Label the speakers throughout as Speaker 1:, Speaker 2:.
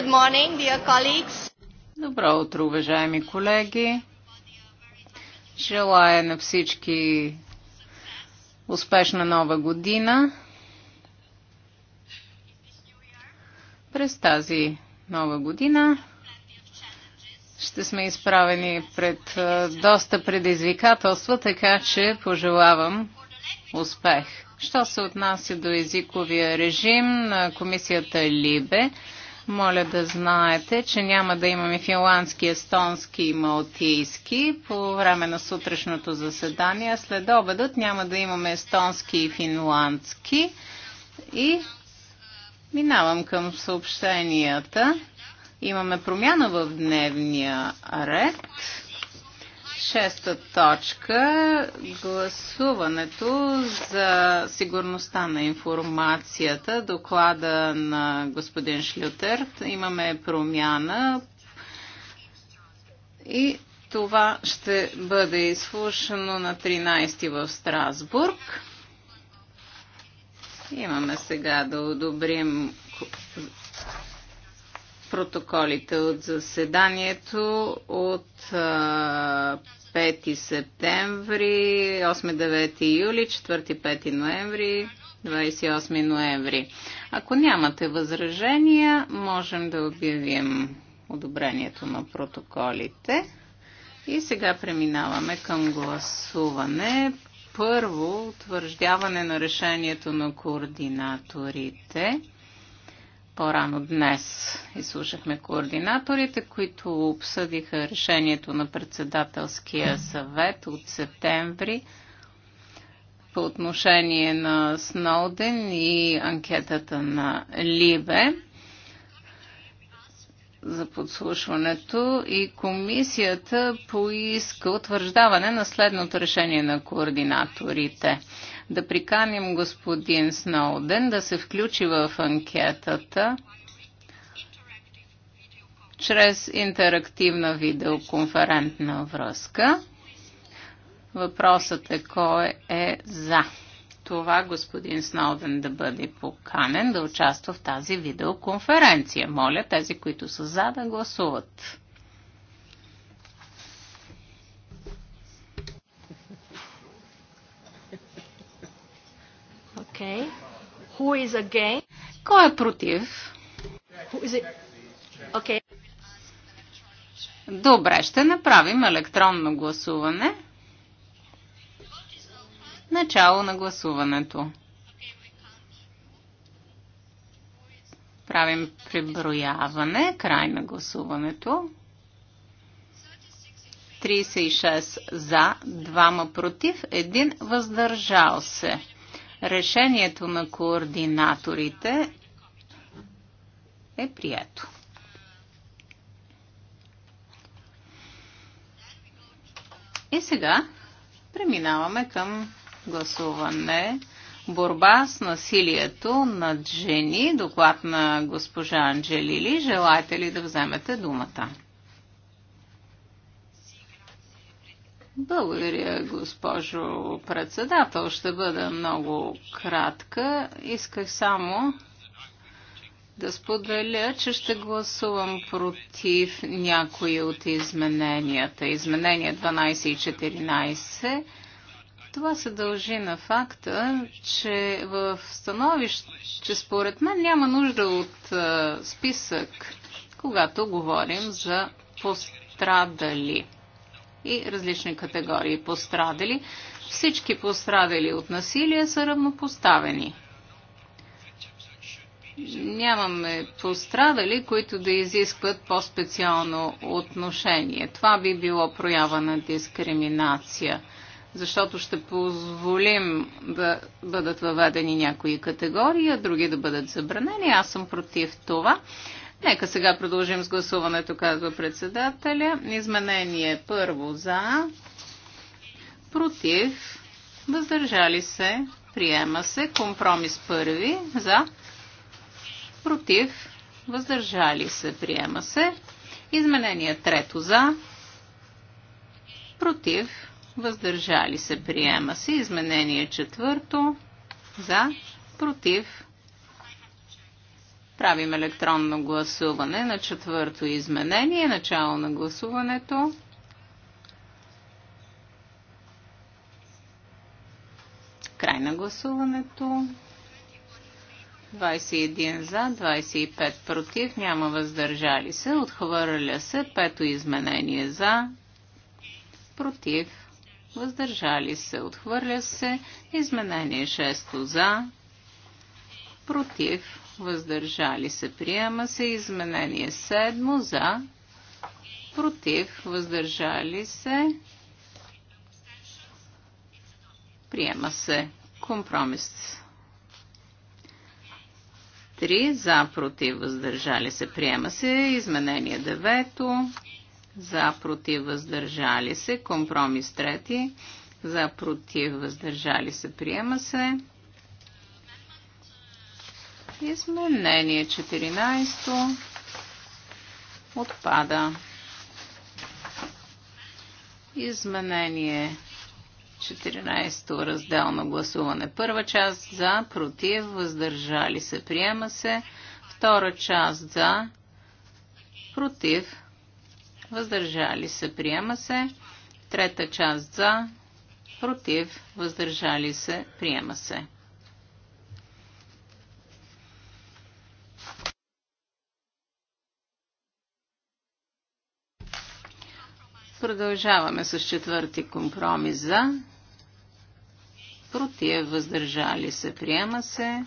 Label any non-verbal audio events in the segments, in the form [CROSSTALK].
Speaker 1: Good morning, dear colleagues.
Speaker 2: Добро утро, уважаеми колеги. Желая на всички успешна нова година. През тази нова година ще сме изправени пред доста предизвикателства, така че пожелавам успех. Що се отнася до езиковия режим на комисията Либе, моля да знаете, че няма да имаме финландски, естонски и малтийски по време на сутрешното заседание. След обедът няма да имаме естонски и финландски. И минавам към съобщенията. Имаме промяна в дневния ред. Шеста точка гласуването за сигурността на информацията, доклада на господин Шлютер. Имаме промяна и това ще бъде изслушано на 13 ти в Страсбург. Имаме сега да одобрим протоколите от заседанието от 5 септември, 8-9 юли, 4-5 ноември, 28 ноември. Ако нямате възражения, можем да обявим одобрението на протоколите. И сега преминаваме към гласуване. Първо, утвърждаване на решението на координаторите. По-рано днес изслушахме координаторите, които обсъдиха решението на председателския съвет от септември по отношение на Сноуден и анкетата на Либе за подслушването и комисията поиска утвърждаване на следното решение на координаторите – да приканим господин Сноуден да се включи в анкетата чрез интерактивна видеоконферентна връзка. Въпросът е кой е за това господин Сноуден да бъде поканен да участва в тази видеоконференция. Моля тези, които са за, да гласуват.
Speaker 1: Okay. Who is against? Кой е против? Who is it? Okay.
Speaker 2: Добре, ще направим електронно гласуване. Начало на гласуването. Правим преброяване, край на гласуването. 36 за, 2 против, 1 въздържал се. Решението на координаторите е прието. И сега преминаваме към гласуване борба с насилието над жени, доклад на госпожа Анджелили. Желаете ли да вземете думата? Благодаря, госпожо председател. Ще бъда много кратка. Исках само да споделя, че ще гласувам против някои от измененията. Изменения 12 и 14. Това се дължи на факта, че в становище, че според мен няма нужда от е, списък, когато говорим за пострадали и различни категории пострадали. Всички пострадали от насилие са равнопоставени. Нямаме пострадали, които да изискват по-специално отношение. Това би било проява на дискриминация защото ще позволим да бъдат въведени някои категории, а други да бъдат забранени. Аз съм против това. Нека сега продължим с гласуването, казва председателя. Изменение първо за, против, въздържали се, приема се. Компромис първи за, против, въздържали се, приема се. Изменение трето за, против, въздържали се, приема се. Изменение четвърто за, против, Правим електронно гласуване на четвърто изменение. Начало на гласуването. Край на гласуването. 21 за, 25 против, няма въздържали се. Отхвърля се пето изменение за, против, въздържали се. Отхвърля се изменение 6 за, против, въздържали се, приема се. Изменение 7 за, против, въздържали се, приема се. Компромис 3 за, против, въздържали се, приема се. Изменение 9 за, против, въздържали се. Компромис 3 за, против, въздържали се, приема се. Изменение 14 отпада. Изменение 14 разделно гласуване. Първа част за, против, въздържали се, приема се. Втора част за, против, въздържали се, приема се. Трета част за, против, въздържали се, приема се. Продължаваме с четвърти компромис за. Против, въздържали се, приема се.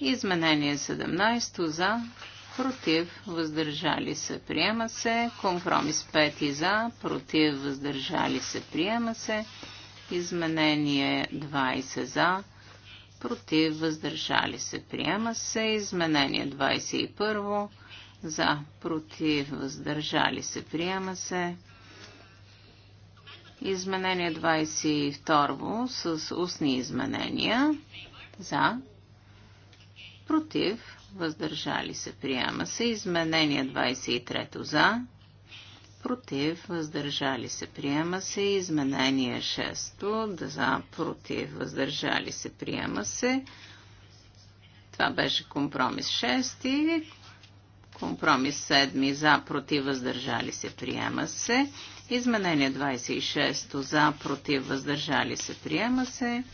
Speaker 2: Изменение 17 за, против, въздържали се, приема се. Компромис 5 за, против, въздържали се, приема се. Изменение 20 за, против, въздържали се, приема се. Изменение 21 за, против, въздържали се, приема се. Изменение 22 с устни изменения за, против, въздържали се, приема се. Изменение 23 за, против, въздържали се, приема се. Изменение 6 за, против, въздържали се, приема се. Това беше компромис 6. Компромис 7 за, против, въздържали се, приема се. Изменение 26 за, против, въздържали се, приема се.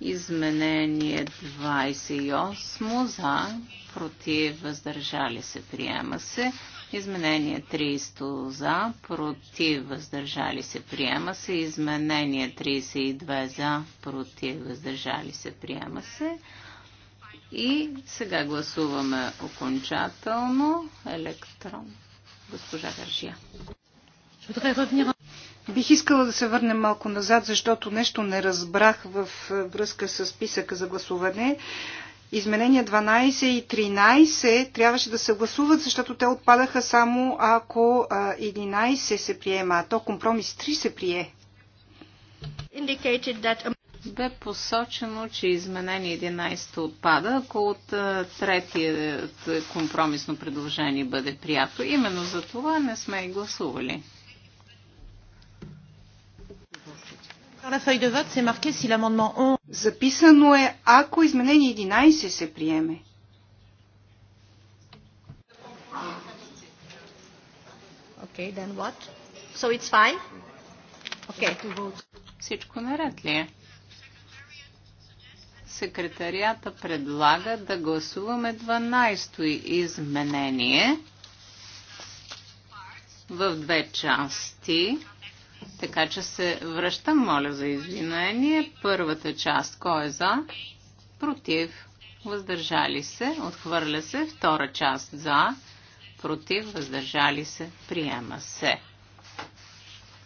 Speaker 2: Изменение 28 за, против, въздържали се, приема се. Изменение 300 за, против, въздържали се, приема се. Изменение 32 за, против, въздържали се, приема се. И сега гласуваме окончателно електрон. Госпожа Гаржия. Бих искала да се върнем малко назад, защото нещо не разбрах в връзка с списъка за гласуване изменения 12 и 13 трябваше да се гласуват, защото те отпадаха само ако 11 се приема, а то компромис 3 се прие. Бе посочено, че изменение 11 отпада, ако от третият е, компромисно предложение бъде прието. Именно за това не сме и гласували. Записано е, ако изменение 11 се приеме. Okay, then what? So it's fine? Okay. Всичко наред ли е? Секретарията предлага да гласуваме 12-то изменение в две части. Така че се връщам, моля за извинение. Първата част, кой е за? Против. Въздържали се. Отхвърля се. Втора част за. Против. Въздържали се. Приема се.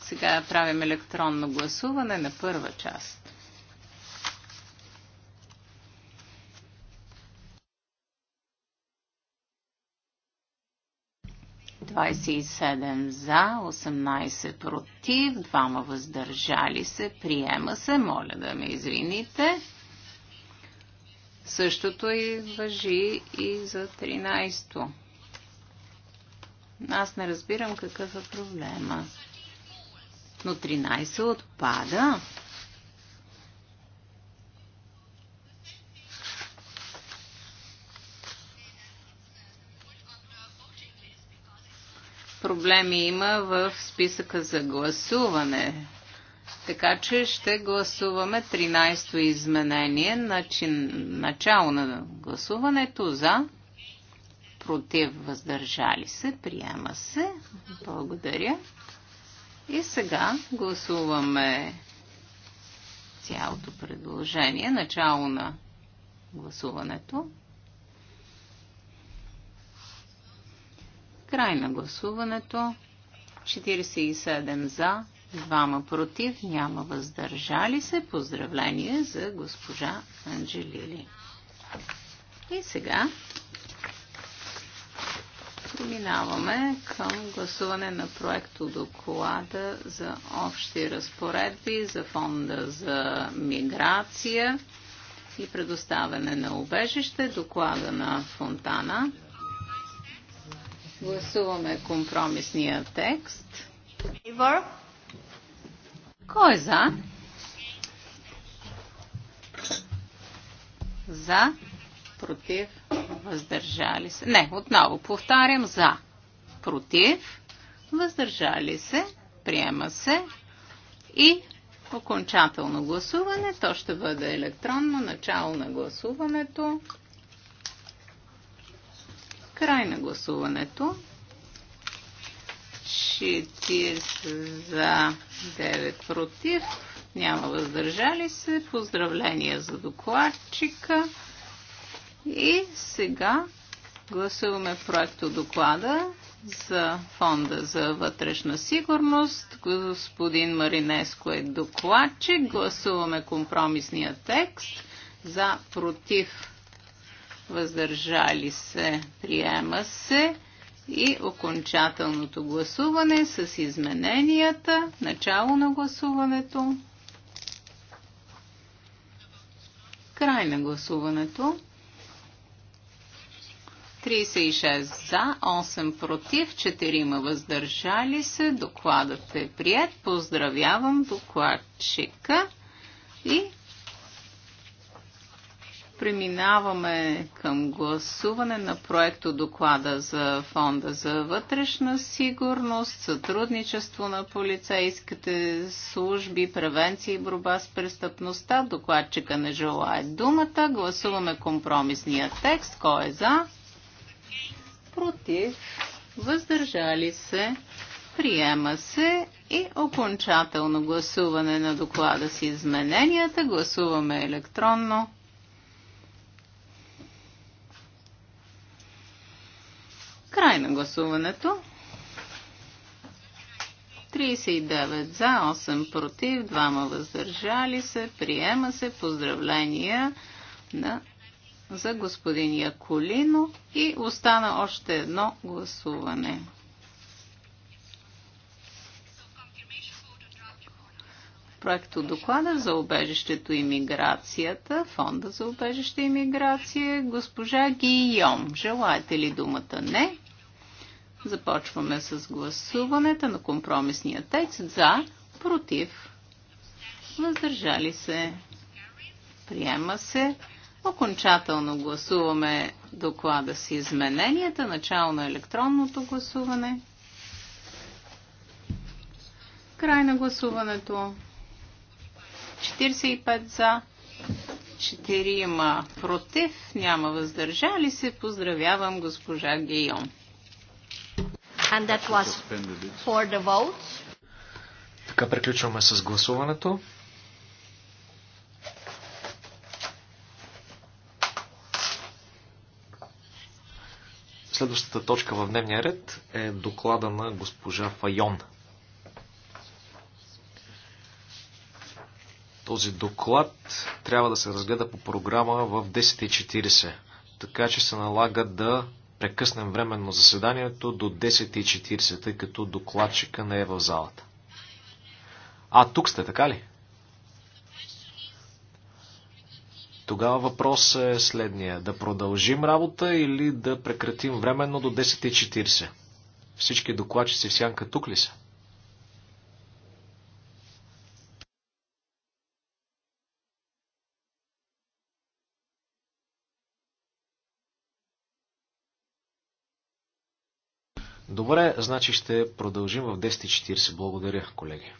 Speaker 2: Сега правим електронно гласуване на първа част. 27 за, 18 против, 2 въздържали се. Приема се, моля да ме извините. Същото и въжи и за 13-то. Аз не разбирам какъв е проблема. Но 13 отпада. проблеми има в списъка за гласуване. Така че ще гласуваме 13-то изменение, начин, начало на гласуването за, против, въздържали се, приема се. Благодаря. И сега гласуваме цялото предложение, начало на гласуването. Край на гласуването. 47 за, 2 против, няма въздържали се. Поздравление за госпожа Анджелили. И сега преминаваме към гласуване на проекто доклада за общи разпоредби за фонда за миграция и предоставяне на убежище, доклада на Фонтана. Гласуваме компромисния текст. Кой е за? За, против, въздържали се. Не, отново повтарям за, против, въздържали се, приема се и окончателно гласуване. То ще бъде електронно начало на гласуването. Край на гласуването. 40 за 9 против. Няма въздържали се. Поздравления за докладчика. И сега гласуваме проекто доклада за Фонда за вътрешна сигурност. Господин Маринеско е докладчик. Гласуваме компромисния текст за против въздържали се, приема се и окончателното гласуване с измененията, начало на гласуването, край на гласуването. 36 за, 8 против, 4 въздържали се. Докладът е прият. Поздравявам докладчика и Преминаваме към гласуване на проекто доклада за Фонда за вътрешна сигурност, сътрудничество на полицейските служби, превенция и борба с престъпността. Докладчика не желая думата. Гласуваме компромисния текст. Кой е за? Против? Въздържали се? Приема се и окончателно гласуване на доклада с измененията. Гласуваме електронно. Край на гласуването. 39 за, 8 против, 2 въздържали се. Приема се. Поздравления на, за господин Яколино. И остана още едно гласуване. проекто доклада за обежището и миграцията, фонда за обежище и миграция, госпожа Гийом. Желаете ли думата? Не. Започваме с гласуването на компромисния текст за, против, въздържали се, приема се. Окончателно гласуваме доклада с измененията, начало на електронното гласуване. Край на гласуването. 45 за, 4 има против, няма въздържали се. Поздравявам госпожа
Speaker 1: Гейон. And that was for the votes.
Speaker 3: Така приключваме с гласуването. Следващата точка в дневния ред е доклада на госпожа Файон. Този доклад трябва да се разгледа по програма в 10.40, така че се налага да прекъснем временно заседанието до 10.40, тъй като докладчика не е в залата. А, тук сте, така ли? Тогава въпрос е следния. Да продължим работа или да прекратим временно до 10.40? Всички докладчици в сянка тук ли са? Добре, значи ще продължим в 10.40. Благодаря, колеги.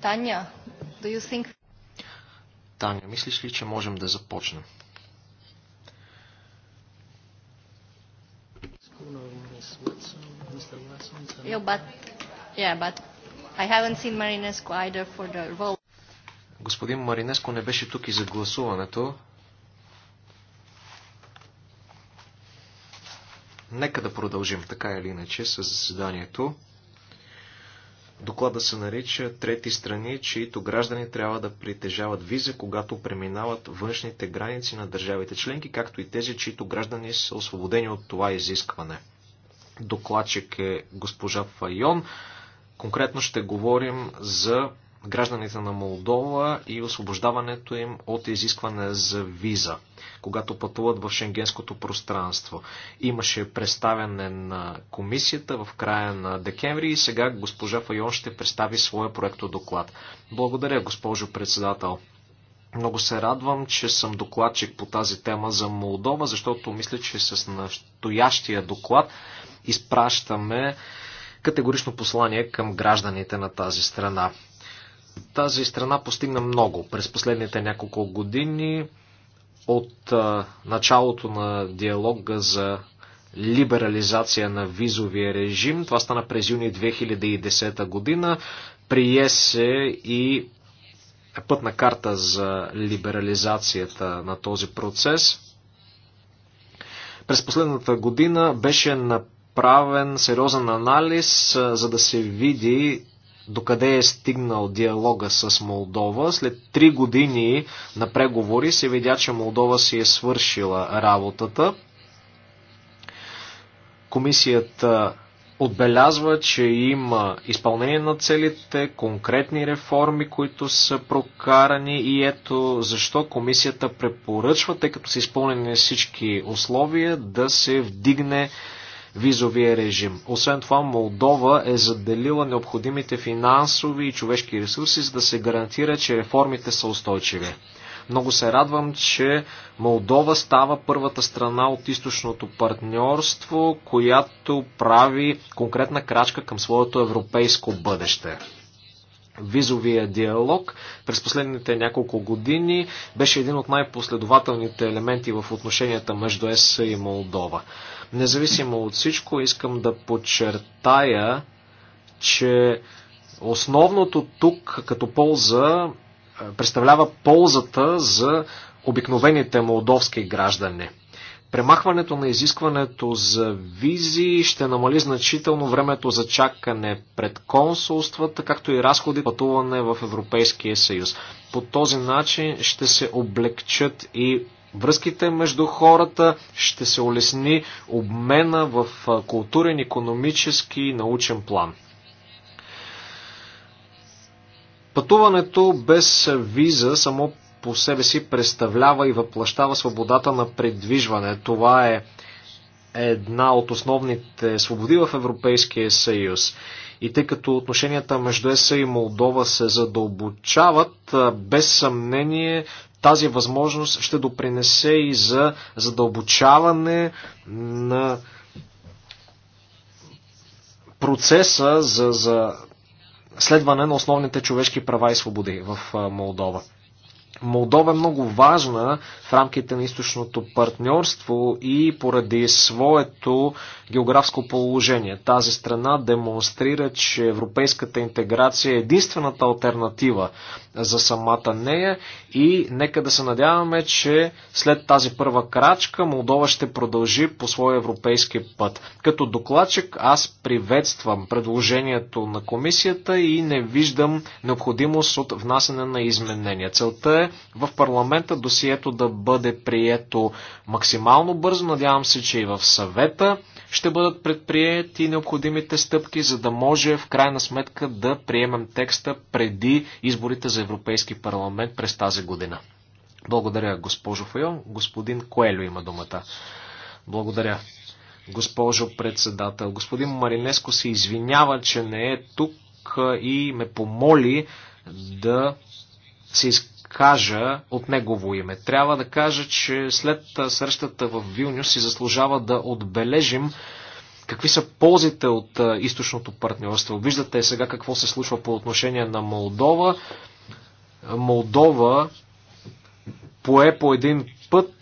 Speaker 1: Таня, do you think...
Speaker 3: Таня, мислиш ли, че можем да започнем?
Speaker 2: Yeah, but, yeah, but I haven't seen either for the role.
Speaker 3: Господин Маринеско не беше тук и за гласуването. Нека да продължим така или иначе с заседанието. Доклада се нарича трети страни, чието граждани трябва да притежават виза, когато преминават външните граници на държавите членки, както и тези, чието граждани са освободени от това изискване. Докладчик е госпожа Файон. Конкретно ще говорим за гражданите на Молдова и освобождаването им от изискване за виза, когато пътуват в шенгенското пространство. Имаше представяне на комисията в края на декември и сега госпожа Файон ще представи своя проекто доклад. Благодаря, госпожо председател. Много се радвам, че съм докладчик по тази тема за Молдова, защото мисля, че с настоящия доклад изпращаме категорично послание към гражданите на тази страна. Тази страна постигна много през последните няколко години от началото на диалога за либерализация на визовия режим. Това стана през юни 2010 година. Прие се и пътна карта за либерализацията на този процес. През последната година беше направен сериозен анализ, за да се види докъде е стигнал диалога с Молдова. След три години на преговори се видя, че Молдова си е свършила работата. Комисията отбелязва, че има изпълнение на целите, конкретни реформи, които са прокарани и ето защо комисията препоръчва, тъй като са изпълнени всички условия, да се вдигне визовия режим. Освен това, Молдова е заделила необходимите финансови и човешки ресурси, за да се гарантира, че реформите са устойчиви. Много се радвам, че Молдова става първата страна от източното партньорство, която прави конкретна крачка към своето европейско бъдеще визовия диалог през последните няколко години беше един от най-последователните елементи в отношенията между ЕС и Молдова. Независимо от всичко, искам да подчертая, че основното тук като полза е, представлява ползата за обикновените молдовски граждани. Премахването на изискването за визи ще намали значително времето за чакане пред консулствата, както и разходи пътуване в Европейския съюз. По този начин ще се облегчат и връзките между хората, ще се улесни обмена в културен, економически и научен план. Пътуването без виза само по себе си представлява и въплащава свободата на предвижване. Това е една от основните свободи в Европейския съюз. И тъй като отношенията между ЕСА и Молдова се задълбочават, без съмнение тази възможност ще допринесе и за задълбочаване на процеса за, за следване на основните човешки права и свободи в Молдова. Молдова е много важна в рамките на източното партньорство и поради своето географско положение. Тази страна демонстрира, че европейската интеграция е единствената альтернатива за самата нея и нека да се надяваме, че след тази първа крачка Молдова ще продължи по своя европейски път. Като докладчик аз приветствам предложението на комисията и не виждам необходимост от внасяне на изменения. Целта е в парламента, досието да бъде прието максимално бързо. Надявам се, че и в съвета ще бъдат предприяти необходимите стъпки, за да може в крайна сметка да приемем текста преди изборите за Европейски парламент през тази година. Благодаря, госпожо Файон. Господин Коелю има думата. Благодаря. Госпожо председател, господин Маринеско се извинява, че не е тук и ме помоли да се изкажа кажа от негово име. Трябва да кажа, че след срещата в Вилнюс си заслужава да отбележим какви са ползите от източното партньорство. Виждате сега какво се случва по отношение на Молдова. Молдова пое по един път,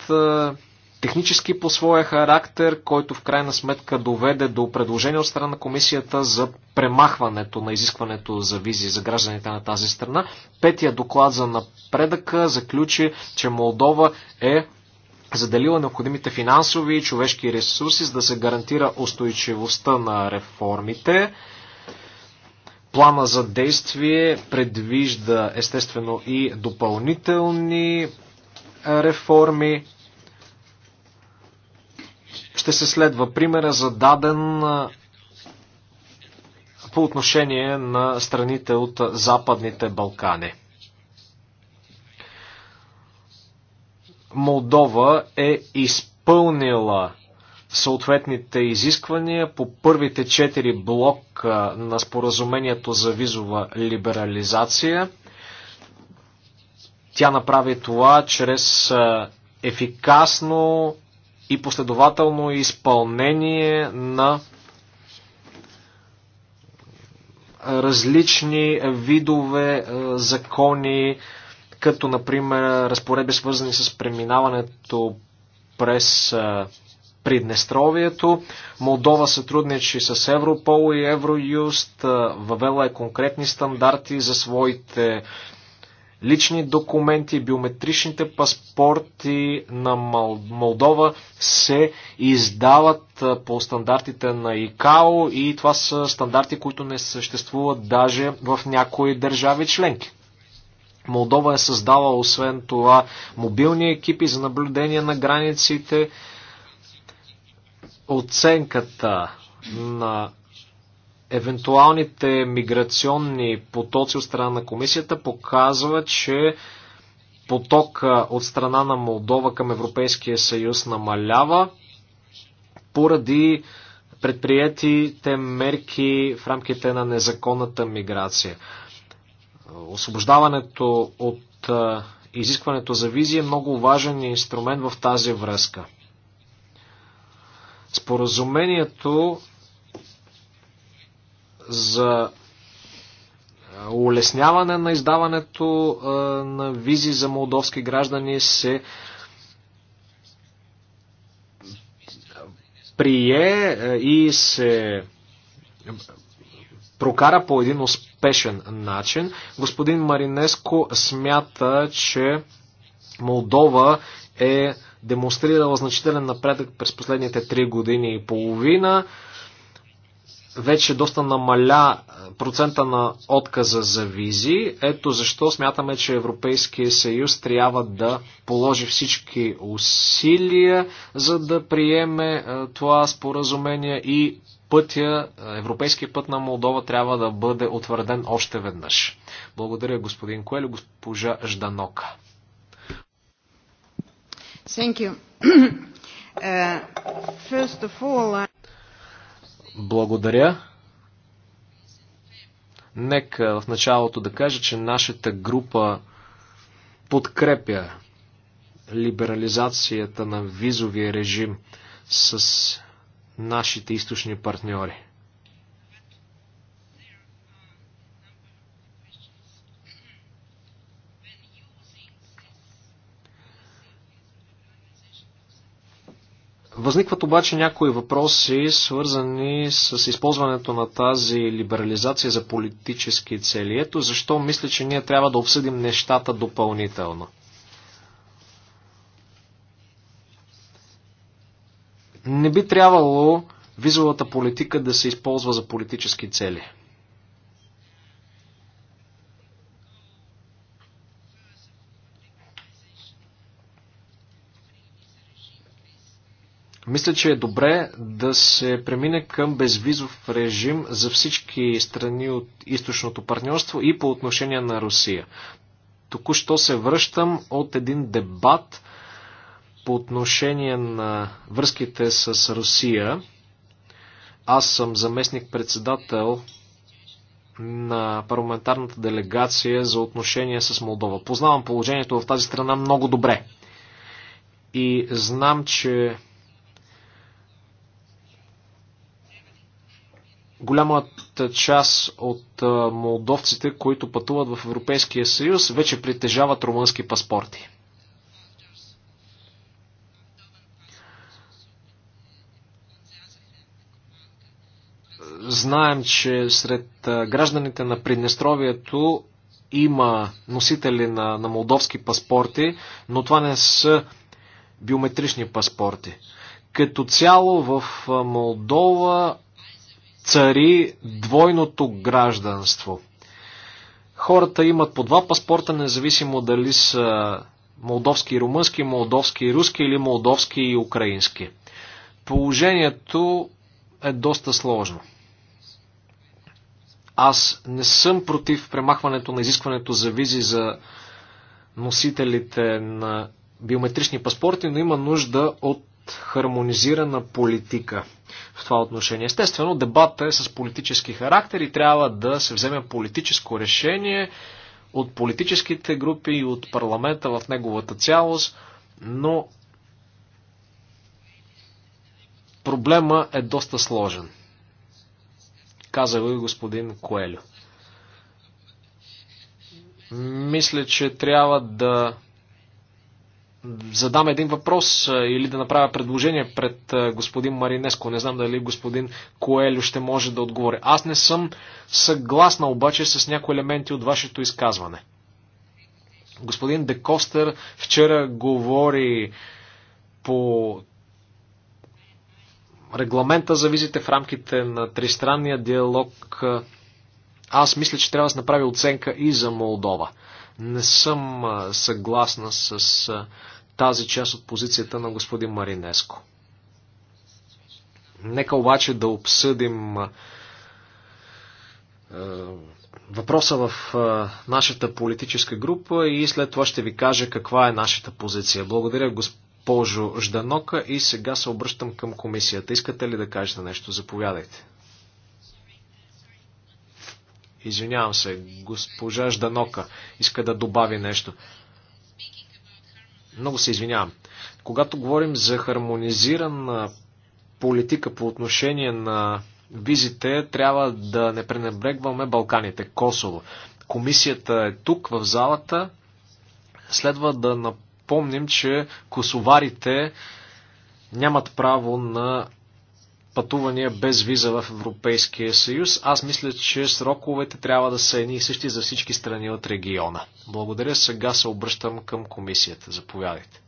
Speaker 3: технически по своя характер, който в крайна сметка доведе до предложение от страна на комисията за премахването на изискването за визи за гражданите на тази страна. Петия доклад за напредъка заключи, че Молдова е заделила необходимите финансови и човешки ресурси, за да се гарантира устойчивостта на реформите. Плана за действие предвижда естествено и допълнителни реформи ще се следва примера за даден по отношение на страните от Западните Балкани. Молдова е изпълнила съответните изисквания по първите четири блока на споразумението за визова либерализация. Тя направи това чрез ефикасно и последователно изпълнение на различни видове е, закони, като например разпоредби свързани с преминаването през е, Приднестровието. Молдова сътрудничи с Европол и Евроюст, е, въвела е конкретни стандарти за своите лични документи, биометричните паспорти на Молдова се издават по стандартите на ИКАО и това са стандарти, които не съществуват даже в някои държави членки. Молдова е създала освен това мобилни екипи за наблюдение на границите. Оценката на евентуалните миграционни потоци от страна на комисията показва, че потока от страна на Молдова към Европейския съюз намалява поради предприятите мерки в рамките на незаконната миграция. Освобождаването от изискването за визи е много важен инструмент в тази връзка. Споразумението за е, улесняване на издаването е, на визи за молдовски граждани се е, прие и се прокара по един успешен начин. Господин Маринеско смята, че Молдова е демонстрирала значителен напредък през последните три години и половина вече доста намаля е, процента на отказа за визи. Ето защо смятаме, че Европейския съюз трябва да положи всички усилия, за да приеме е, това споразумение и пътя, е, европейския път на Молдова трябва да бъде утвърден още веднъж. Благодаря господин Коелю, госпожа Жданока.
Speaker 2: Thank you. [COUGHS] Uh, first of all, I...
Speaker 3: Благодаря. Нека в началото да кажа, че нашата група подкрепя либерализацията на визовия режим с нашите източни партньори. Възникват обаче някои въпроси, свързани с използването на тази либерализация за политически цели. Ето защо мисля, че ние трябва да обсъдим нещата допълнително. Не би трябвало визовата политика да се използва за политически цели. Мисля, че е добре да се премине към безвизов режим за всички страни от източното партньорство и по отношение на Русия. Току-що се връщам от един дебат по отношение на връзките с Русия. Аз съм заместник-председател на парламентарната делегация за отношения с Молдова. Познавам положението в тази страна много добре. И знам, че голямата част от молдовците, които пътуват в Европейския съюз, вече притежават румънски паспорти. Знаем, че сред гражданите на Приднестровието има носители на, на молдовски паспорти, но това не са биометрични паспорти. Като цяло в Молдова цари двойното гражданство. Хората имат по два паспорта, независимо дали са молдовски и румънски, молдовски и руски или молдовски и украински. Положението е доста сложно. Аз не съм против премахването на изискването за визи за носителите на биометрични паспорти, но има нужда от хармонизирана политика в това отношение. Естествено, дебата е с политически характер и трябва да се вземе политическо решение от политическите групи и от парламента в неговата цялост, но проблема е доста сложен. Каза го и господин Коелю. Мисля, че трябва да задам един въпрос или да направя предложение пред господин Маринеско. Не знам дали господин Коелю ще може да отговори. Аз не съм съгласна обаче с някои елементи от вашето изказване. Господин Декостер вчера говори по регламента за визите в рамките на тристранния диалог. Аз мисля, че трябва да се направи оценка и за Молдова. Не съм съгласна с тази част от позицията на господин Маринеско. Нека обаче да обсъдим въпроса в нашата политическа група и след това ще ви кажа каква е нашата позиция. Благодаря, госпожо Жданока и сега се обръщам към комисията. Искате ли да кажете нещо? Заповядайте. Извинявам се, госпожа Жданока иска да добави нещо. Много се извинявам. Когато говорим за хармонизирана политика по отношение на визите, трябва да не пренебрегваме Балканите, Косово. Комисията е тук, в залата. Следва да напомним, че косоварите нямат право на пътувания без виза в Европейския съюз. Аз мисля, че сроковете трябва да са едни и същи за всички страни от региона. Благодаря. Сега се обръщам към комисията. Заповядайте.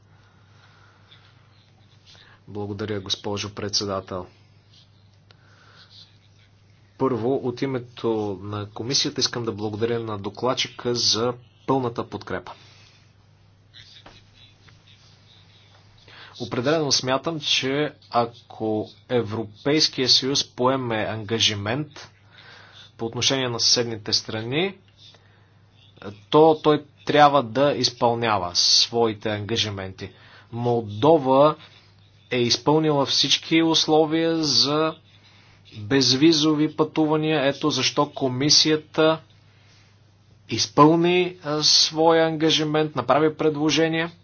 Speaker 3: Благодаря, госпожо председател. Първо, от името на комисията искам да благодаря на докладчика за пълната подкрепа. Определено смятам, че ако Европейския съюз поеме ангажимент по отношение на съседните страни, то той трябва да изпълнява своите ангажименти. Молдова е изпълнила всички условия за безвизови пътувания. Ето защо комисията изпълни своя ангажимент, направи предложение –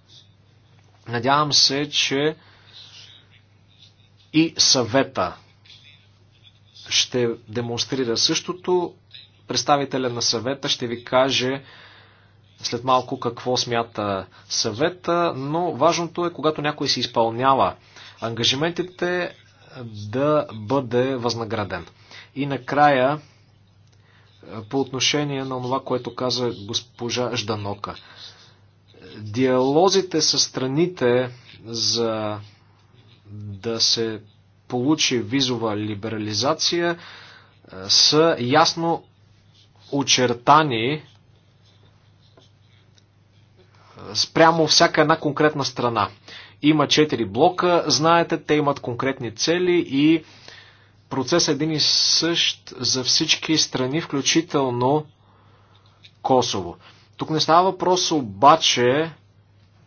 Speaker 3: Надявам се, че и съвета ще демонстрира същото. Представителя на съвета ще ви каже след малко какво смята съвета, но важното е, когато някой си изпълнява ангажиментите, да бъде възнаграден. И накрая, по отношение на това, което каза госпожа Жданока. Диалозите с страните за да се получи визова либерализация е, са ясно очертани е, спрямо всяка една конкретна страна. Има четири блока, знаете, те имат конкретни цели и процес е един и същ за всички страни, включително Косово. Тук не става въпрос обаче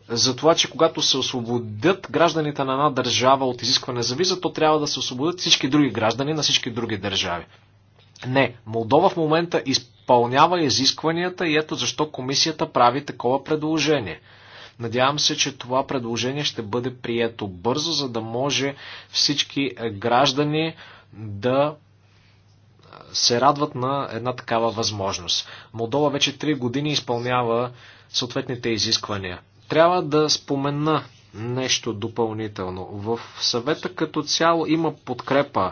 Speaker 3: за това, че когато се освободят гражданите на една държава от изискване за виза, то трябва да се освободят всички други граждани на всички други държави. Не, Молдова в момента изпълнява изискванията и ето защо комисията прави такова предложение. Надявам се, че това предложение ще бъде прието бързо, за да може всички граждани да се радват на една такава възможност. Молдова вече 3 години изпълнява съответните изисквания. Трябва да спомена нещо допълнително. В съвета като цяло има подкрепа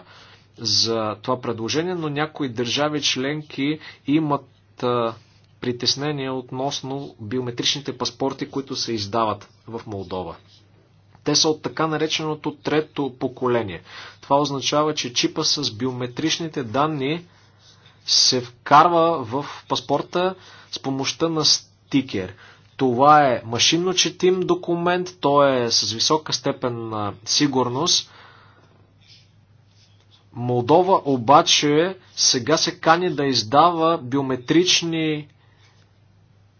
Speaker 3: за това предложение, но някои държави членки имат а, притеснения относно биометричните паспорти, които се издават в Молдова. Те са от така нареченото трето поколение. Това означава, че чипа с биометричните данни се вкарва в паспорта с помощта на стикер. Това е машинно четим документ, той е с висока степен на сигурност. Молдова обаче сега се кани да издава биометрични,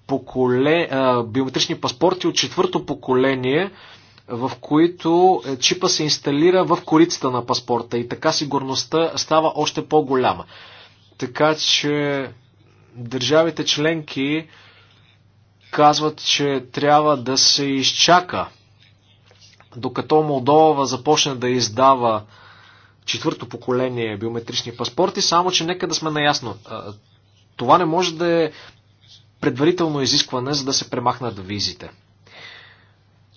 Speaker 3: поколе... биометрични паспорти от четвърто поколение, в които е, чипа се инсталира в корицата на паспорта и така сигурността става още по-голяма. Така че държавите членки казват, че трябва да се изчака докато Молдова започне да издава четвърто поколение биометрични паспорти, само че нека да сме наясно. Това не може да е предварително изискване, за да се премахнат визите.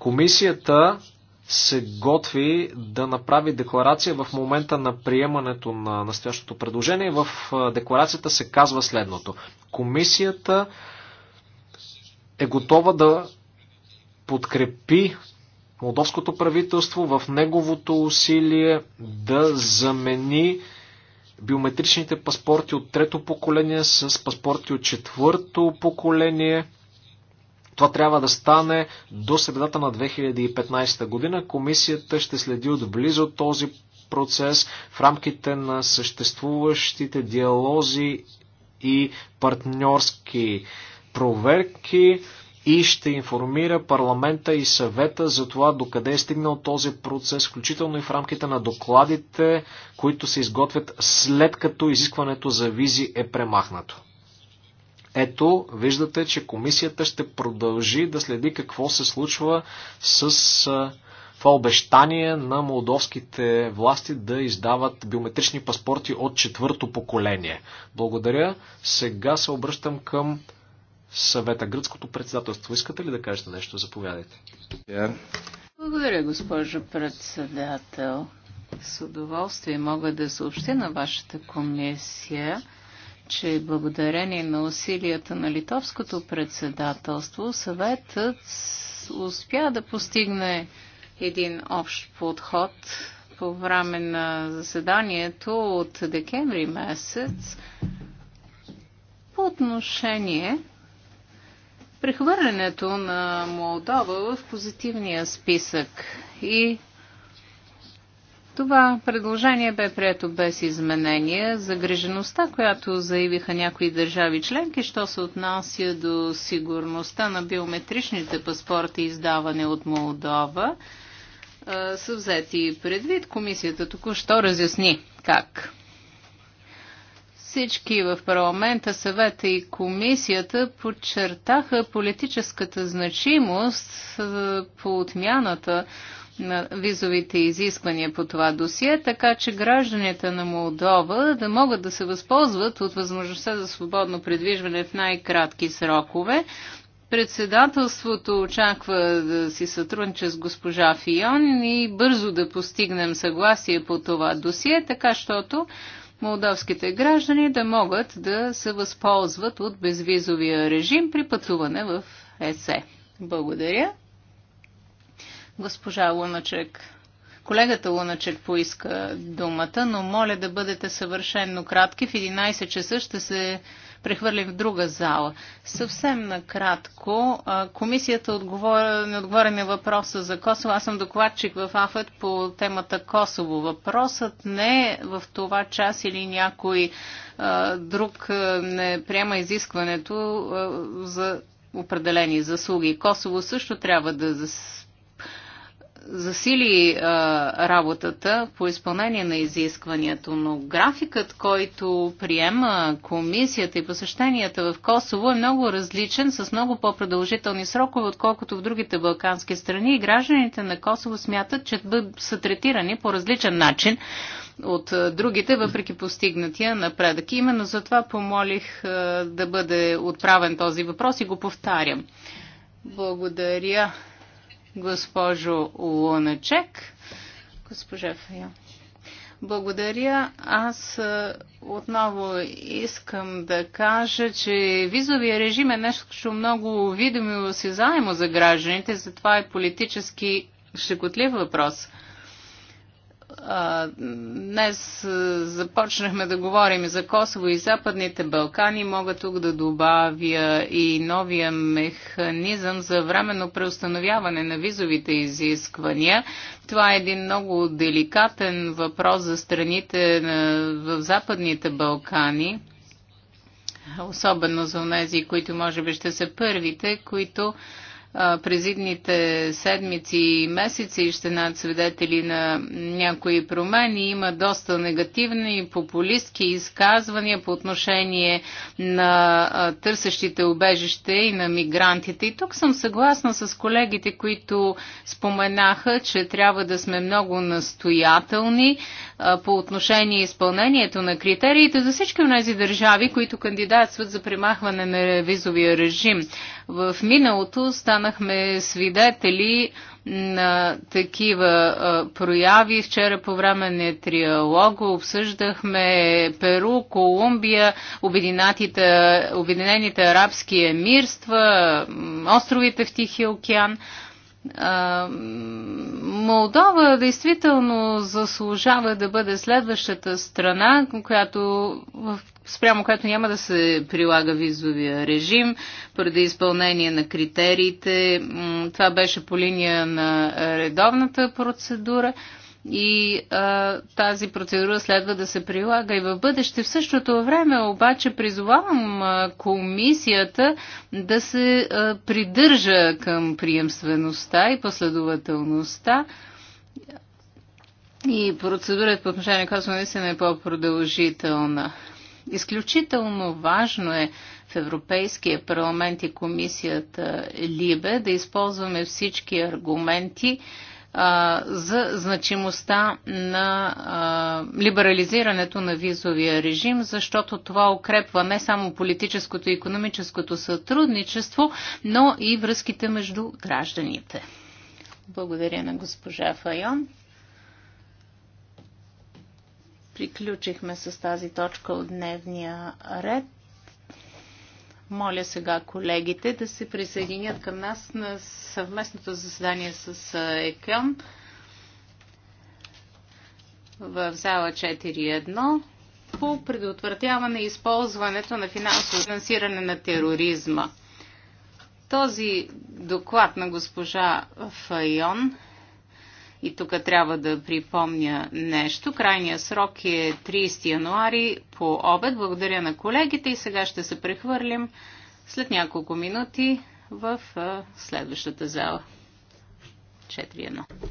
Speaker 3: Комисията се готви да направи декларация в момента на приемането на настоящото предложение. В декларацията се казва следното. Комисията е готова да подкрепи молдовското правителство в неговото усилие да замени биометричните паспорти от трето поколение с паспорти от четвърто поколение – това трябва да стане до средата на 2015 година. Комисията ще следи отблизо този процес в рамките на съществуващите диалози и партньорски проверки и ще информира парламента и съвета за това докъде е стигнал този процес, включително и в рамките на докладите, които се изготвят след като изискването за визи е премахнато. Ето, виждате, че комисията ще продължи да следи какво се случва с това обещание на молдовските власти да издават биометрични паспорти от четвърто поколение. Благодаря. Сега се обръщам към съвета. Гръцкото председателство. Искате ли да кажете нещо? Заповядайте.
Speaker 2: Благодаря, госпожо председател. С удоволствие мога да съобщя на вашата комисия, че благодарение на усилията на литовското председателство съветът успя да постигне един общ подход по време на заседанието от декември месец по отношение прехвърлянето на Молдова в позитивния списък и това предложение бе прието без изменения. Загрижеността, която заявиха някои държави членки, що се отнася до сигурността на биометричните паспорти, издаване от Молдова, е, са взети предвид. Комисията току-що разясни как. Всички в парламента, съвета и комисията подчертаха политическата значимост е, по отмяната на визовите изисквания по това досие, така че гражданите на Молдова да могат да се възползват от възможността за свободно предвижване в най-кратки срокове. Председателството очаква да си сътрудничи с госпожа Фион и бързо да постигнем съгласие по това досие, така щото молдовските граждани да могат да се възползват от безвизовия режим при пътуване в ЕСЕ. Благодаря. Госпожа Луначек, колегата Луначек поиска думата, но моля да бъдете съвършенно кратки. В 11 часа ще се прехвърлим в друга зала. Съвсем накратко, комисията не отговори на въпроса за Косово. Аз съм докладчик в АФЕД по темата Косово. Въпросът не е в това час или някой друг не приема изискването за определени заслуги. Косово също трябва да засили а, работата по изпълнение на изискването, но графикът, който приема комисията и посещенията в Косово е много различен, с много по-продължителни срокове, отколкото в другите балкански страни и гражданите на Косово смятат, че са третирани по различен начин от другите, въпреки постигнатия напредък. именно за това помолих а, да бъде отправен този въпрос и го повтарям. Благодаря госпожо Луначек. Госпожа Файон. Благодаря. Аз отново искам да кажа, че визовия режим е нещо много видимо и осезаемо за гражданите, затова е политически щекотлив въпрос – Днес започнахме да говорим за Косово и Западните Балкани. Мога тук да добавя и новия механизъм за временно преустановяване на визовите изисквания. Това е един много деликатен въпрос за страните в Западните Балкани, особено за тези, които може би ще са първите, които през идните седмици и месеци ще над свидетели на някои промени. Има доста негативни популистки изказвания по отношение на търсещите убежище и на мигрантите. И тук съм съгласна с колегите, които споменаха, че трябва да сме много настоятелни по отношение изпълнението на критериите за всички от тези държави, които кандидатстват за примахване на визовия режим. В миналото станахме свидетели на такива а, прояви. Вчера по време на триалога обсъждахме Перу, Колумбия, Обединените арабски емирства, островите в Тихия океан. Молдова действително заслужава да бъде следващата страна, която в спрямо което няма да се прилага визовия режим поради изпълнение на критериите. Това беше по линия на редовната процедура и а, тази процедура следва да се прилага и в бъдеще. В същото време обаче призовавам а, комисията да се а, придържа към приемствеността и последователността. И процедурата по отношение на която наистина е по-продължителна. Изключително важно е в Европейския парламент и комисията Либе да използваме всички аргументи а, за значимостта на а, либерализирането на визовия режим, защото това укрепва не само политическото и економическото сътрудничество, но и връзките между гражданите. Благодаря на госпожа Файон. Приключихме с тази точка от дневния ред. Моля сега колегите да се присъединят към нас на съвместното заседание с ЕКЮН в зала 4.1 по предотвратяване и използването на финансово финансиране на тероризма. Този доклад на госпожа Файон и тук трябва да припомня нещо. Крайният срок е 30 януари по обед. Благодаря на колегите и сега ще се прехвърлим след няколко минути в следващата зала. 4-1.